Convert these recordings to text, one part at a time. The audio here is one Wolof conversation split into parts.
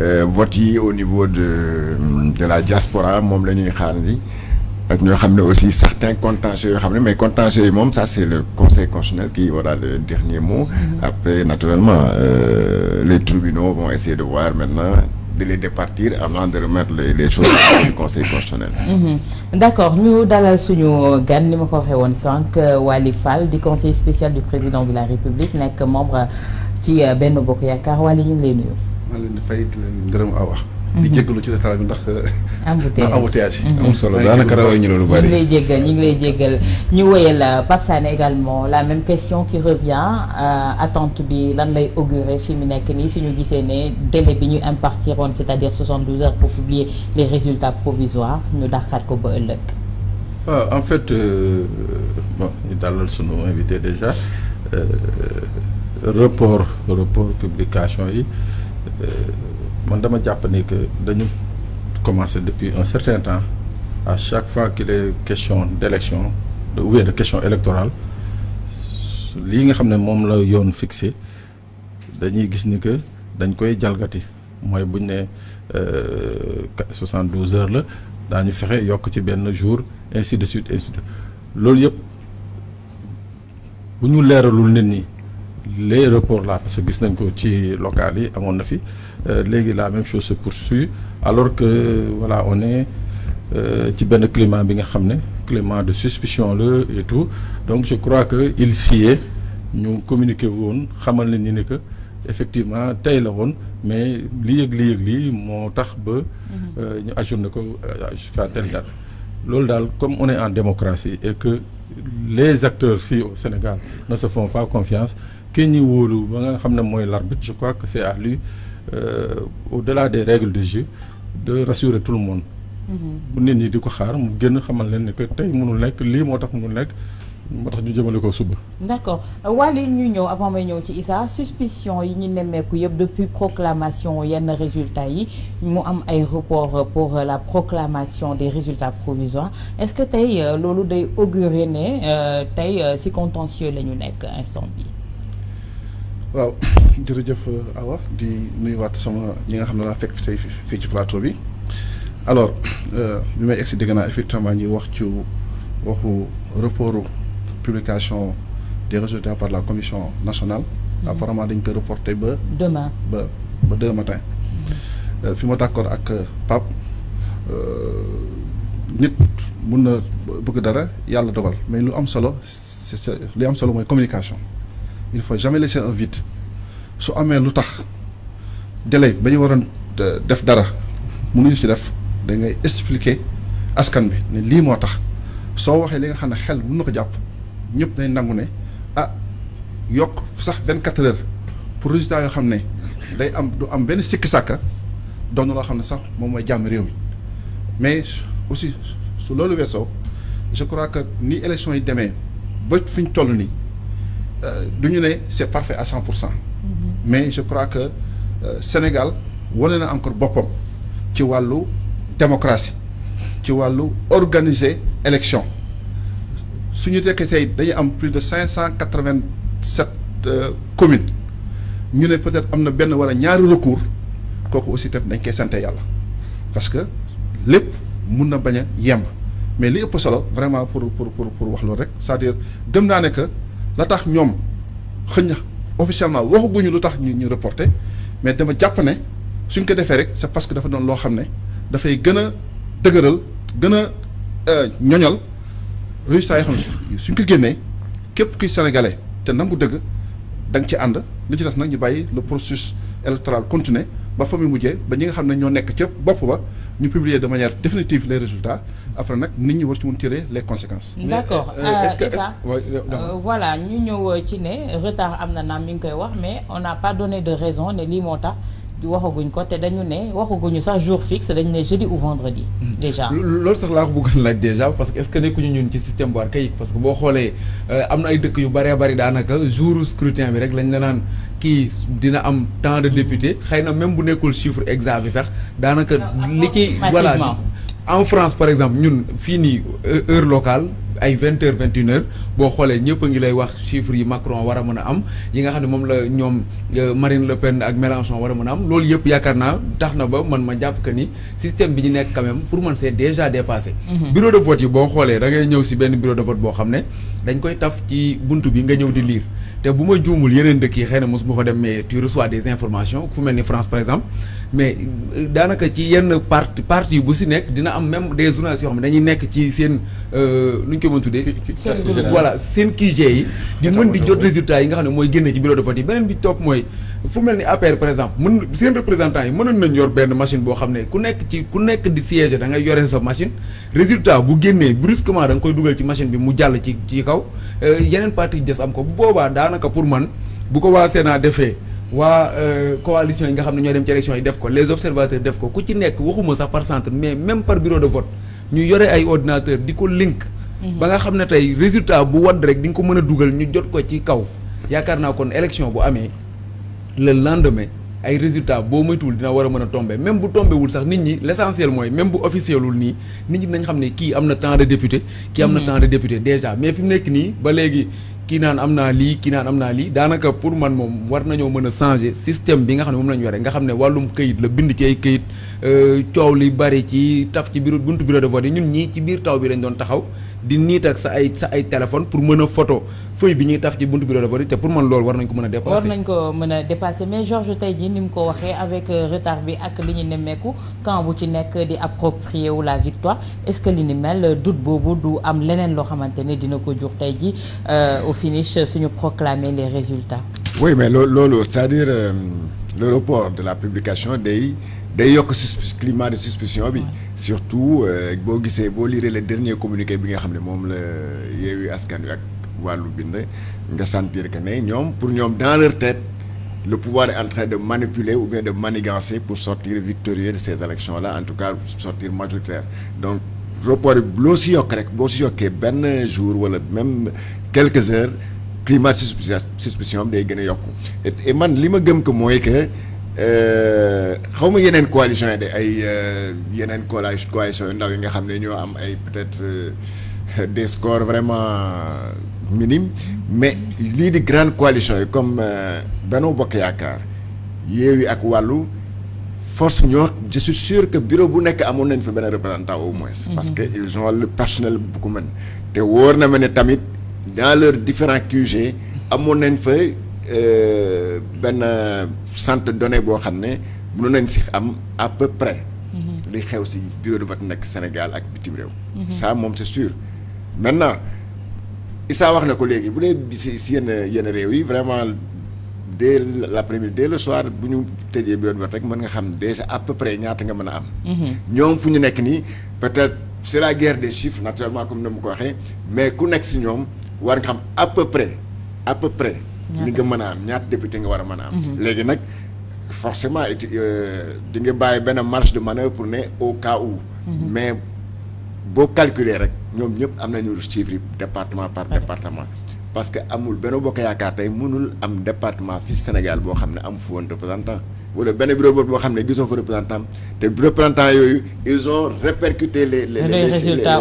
Euh, vote yi au niveau de de la diaspora moom la ñuy xaarandi ak ñoo xam ne aussi certains contentieux yoo xam ne mais contentieux yi moom ça c' est le conseil constitutionnel qui aura le dernier mot. Mm-hmm. après naturellement euh, les tribunaux vont essayer de voir maintenant. de les départir avant de remettre les choses au conseil constitutionnel. Mm-hmm. d' accord ñu dalal suñu gan ni ma ko waxee woon sànq Waly Fall di conseiller spécial du président de la République nekk membre ci euh, Benno Bokk maa leen di di leen gërëm a ah, wax. di mhm. jégalu ci retard bi ndax. Euh, embouteillage ndax mhm. amul solo daanaka rawee ñu loolu bari. ñu ngi lay jéggal ñu ngi lay jéggal ñu wéyal euh, Pape Sané également la même question qui revient euh, attente bi lan lay augurer fi mu nekk nii si ñu gisee ne délai bi ñu impartiroon c'est-à-dire 72 heures pour publier les résultats provisoires ñu dàqaat ko ba ëllëg. Ah, en fait bon ñu dalal sunu invité déjà euh, report report publication yi. Euh, man dama jàpp ni que dañu commencé depuis un certain temps à chaque fois qu'il est question d'élection de ou question électorale lii nga xam ne moom la yoon fixé dañuy gis ni que dañ koy jalgati mooy buñ ne euh, soixante douze heures la daañu fexe yokk ci benn jour ainsi de suite ainsi loolu yëpp bu ñu leeralul nit ñi les reports là parce que gis nañ ko ci local yi amoon na fi euh, léegi la même chose se poursuit alors que voilà on est euh, ci benn climat bi nga xam ne climat de suspicion la et tout donc je crois que il s'y ñu communiqué woon xamal na ni ne que effectivement tey la woon mais li yëg li yëg lii moo tax ba. Euh, ñu ajourné ko jusqu'à telle date loolu daal comme on en démocratie et que les acteurs fii au Sénégal ne se font pas confiance. ki ñi wóolu ba nga xam ne mooy l'arbitre je crois que c'est à lui euh, des règles de jeu de rassurer tout le monde mm-hmm. bu nit ñi di ko xaar mu génn xamal leen ne que tey mënul nekk lii moo tax mënul nekk moo tax ñu jëmale ko suba. d'accord wàllu ñu ñëw avant may ñëw ci Issa suspicion yi ñu nemmeeku yëpp depuis proclamation yenn résultats yi mu am ay report pour la proclamation des résultats provisoires est-ce que tey euh, loolu day augurer ne euh, tey euh, si contentieux la ñu nekk instant waaw jërëjëf Awa di nuyuwaat sama ñi nga xam ne laa fekk fi tey fii ci plateau bi alors euh, bi may egsi dégg naa effectivement ñuy wax ci waxu reportu publication des résultats par la commission national mm-hmm. apparemment dañ ko reporté ba. demain ba ba deux mm-hmm. euh, fi ma d'accord ak Pape euh, nit mun na bëgg dara yàlla dogal mais lu am solo c'est li am solo mooy communication. il faut jamais laisser un vide su amee lu tax délai ba ñu waroon def dara ñu si def da ngay expliquer askan bi ne lii moo tax soo waxee li nga xam ne xel mën na ko jàpp ñëpp day nangu ne ah yokk sax vingt quatre heures pour résultat yoo xam ne day am du am benn sikki sàkka doon na loo xam ne sax moom mooy jàmm réew mi mais aussi su loolu weesoo je crois que ni élection yi demee ba fi ñu toll nii. Euh, du ñu ne c' est parfait à cent pour cent mm-hmm. mais je crois que euh, Sénégal wane na encore boppam ci wàllu démocratie ci wàllu organiser élection su ñu tekkee tey dañu am plus de cinq cent quatre vingt sept euh, commune ñu ne peut-être am na benn walla ñaari recours kooku aussi tamit dañ koy sant yàlla parce que lépp mun na bañ a yemb mais li ëpp solo vraiment pour pour pour pour wax loolu rek c'est-à-dire gëm naa ne la tax ñoom xëñ na officiellement waxaguñu lu tax ñu ñu reporté mais dama jàpp ne suñ ko defee rek c'est parce que dafa doon loo xam ne dafay gën a dëgëral gën a euh, ñoñal résultats yoo xam suñ ko génnee képp kuy sénégalais te nangu dëgg da nga ci ànd li ci tax nag ñu bàyyi le processus électoral continuer ba fa muy mujjee ba ñi nga xam ne ñoo nekk ca bopp ba ñu publier de manière définitive les résultats après nag nit ñu war ci mën tirer les conséquences. d' accord euh, est-ce euh, que euh, voilà ñu ñëw ci ne retard am na naa mi ngi koy wax mais on n'a pas donné de raison ne lii moo tax waxaguñ ko te dañu ne waxaguñu sax jour fixe dañu ne jeudi ou vendredi. Mhm. déjà loolu sax laa ko bëggoon laaj déjà parce que est-ce que nekkuñu ñun ci système bu archaïque parce que boo xoolee am na ay dëkk yu baree bëri daanaka jour scrutin bi rek lañ la naan. kii dina am tant de député xëy na même bu nekkul chiffre exact bi sax daanaka li ci voilà en France par exemple ñun fii nii euh, heure locale ay vingt heures vingt une boo xoolee ñëpp a ngi lay wax chiffres yi Macron war a mën a am yi nga xam ne moom la ñoom euh, Marine Le Pen ak Mélenchon war mën a am loolu yëpp yaakaar naa tax na ba man ma jàpp que ni système bi ñu nekk quand pour man see déjà dépassé. Mhm. bureau de vote yi boo xoolee da ñëw si benn bureau de vote boo xam ne dañ koy taf ci bunt bi nga ñëw di liir te bu ma juumul yeneen dëkk yi xëy na mos ma fa dem mais tu reçois des informations ku mel ni France par exemple mais euh, daanaka ci yenn parti parti bu si nekk dina am même des journalistes yoo xam ne dañuy nekk ci seen euh, nu ñu ko mën tuddee voilà seen QG yi di mën di jot résultat yi nga xam ne mooy génne ci bureau de vote yi beneen bi topp mooy fu mel ni APR par exemple mën seen représentant yi mënoon nañ yor benn machine boo xam ne ku nekk ci ku nekk di siège da ngay yore sa machine résultat bu génnee brusquement da nga koy dugal ci machine bi mu jàll ci ci kaw euh, yeneen parti des am ko bu boobaa daanaka pour man bu ko waa Sénat defee waa euh, coalition yi nga xam ne ñoo dem ci élection yi def ko les observateurs def ko ku ci nekk waxuma sax par centre mais même par bureau de vote ñu yore ay ordinateur di ko link. Mhm. ba nga xam ne tey résultat bu wadd rek di nga ko mën a dugal ñu jot ko ci kaw. yaakaar naa kon élection bu amee le mais ay résultat boo moytuwul dina war a mën a tombe même bu tombewul sax nit ñi l' essentiel mooy même bu officielul nii nit ñi nañ xam ne kii am na temps de député. kii am na mhm. temps de mais fi mu nekk nii ba léegi kii naan am naa lii kii naan am na lii daanaka pour man moom war nañoo mën a changer système bi nga xam ne moom la ñu nga xam ne wàllum këyit la bind ci ay këyit euh, coow li bari ci taf ci bureau buntu bureau de vote yi ñun ñii ci biir taw bi dañu doon taxaw di niit ak sa ay sa ay téléphone pour mën a photo feuille bi ñuy taf ci buntu bureau de vote te pour man loolu war nañ ko mën a dépasser war nañ ko mën a dépasser mais Georges tey jii ni mu ko waxee avec euh, retard bi ak li ñu nemeeku camp bu ci nekk di approprier wu la victoire est-ce que li ni mel doute boobu du am leneen loo xamante ne dina ko jur tey jii euh, au finish suñu proclamer les résultats oui mais loolu loolu c'est-à-dire euh, de la publication day day yokk sus climat de suspicion bi. surtout euh, boo gisee boo liiree le dernier communiqué bi nga xam ne moom la Yewwi Askan Wi ak wàllu bind nga sentir que ne ñoom pour ñoom dans leur tête le pouvoir est en train de manipuler ou bien de manigancer pour sortir victorieux de ces élections là en tout cas sortir majoritaire donc report bi loo si yokk rek boo si yokkee benn jour wala même quelques heures climat de suspicion suspicion bi day gën a yokku et man li mooy que. Euh, xaw ma yeneen coalition yi de ay euh, yeneen coalition yu ndaw yi nga xam ne ñoo am ay peut-être euh, des scores vraiment minimes mais lii di grande coalition yi comme Benno Bokk Yaakaar Yewwi ak Wàllu force ñoo je suis sûr que bureau bu nekk amoon nañ fa benn représentant au moins mhm. parce que ils ont le personnel bu ko mën te wóor na ma ne tamit dans leurs différents QG amoon nañ fa Euh, benn centre de données boo xam ne mënu nañ si am à peu près. Mhm. li xew si bureau de vote nekk Sénégal ak bitim réew. Mhm. ça moom c'est sûr maintenant Issa wax na ko léegi bu dee si si yenn yenn réew yi vraiment de l'après-midi dès le soir bu ñu tëjee bureau de vote rek mën nga xam déjà à peu près ñaata nga mën a am. Mhm. ñoom fu ñu nekk nii peut-être c'est la guerre des chiffres naturellement comme ni mu ko waxee mais ku nekk si ñoom war nga xam à peu près à peu près. li nga mën a am ñaat député nga war a mën a am. Mhm. léegi nag forcément it euh, di nga bàyyi benn marge de manœuvre pour ne au cas où. Mhm. mais boo calculer rek ñoom ñëpp am nañu chiffre département par département. parce que amul benn bokk yaakaar tey mënul am département fii Sénégal boo xam ne am fu woon représentant wala benn bureau boo xam ne gisoo fa représentant te représentant yooyu ils ont répercuté les les les résultats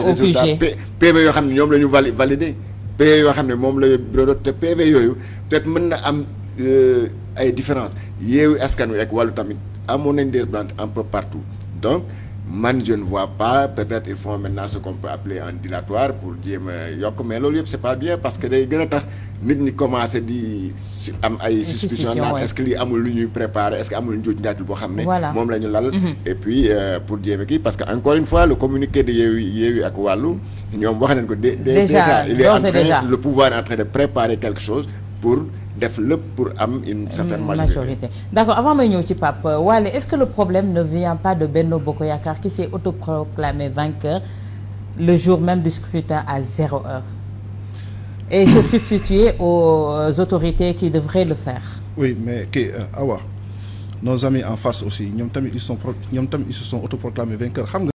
PV yoo xam ne ñoom la ñu validé PV yoo xam ne moom la bureau de vote te PV yooyu peut mën na am euh, ay différence Yewwi Askan Wi ak Wallu tamit amoon nañ des branches un peu partout donc man je ne vois pas peut-être ils font maintenant ce qu'on peut appeler un dilatoire pour jéem yokk mais loolu yëpp c'est pas bien parce que day gën a tax nit ñi commencé di am ay suspicion naan est-ce amul lu ñuy préparer est amul njuuj njaajul boo xam ne moom la ñu lal mm-hmm. et puis euh, pour jéem a parce que encore une fois le communiqué de Yewwi Yewwi ak Wallu ñoom wax nañ ko déjà il est en pouvoir est de préparer quelque chose pour def lépp pour am une euh, certaine majorité d'accord avant may ñëw ci Pape Wale est-ce que le problème ne vient pas de Benno Bokk Yakaar qui s'est autoproclamé vainqueur le jour même du scrutin à zéro heure et se substituer aux autorités qui devraient le faire oui mais kii euh, Awa nos amis en face aussi ñoom tamit ils sont ñoom tamit ils sont autoproclamés vainqueurs xam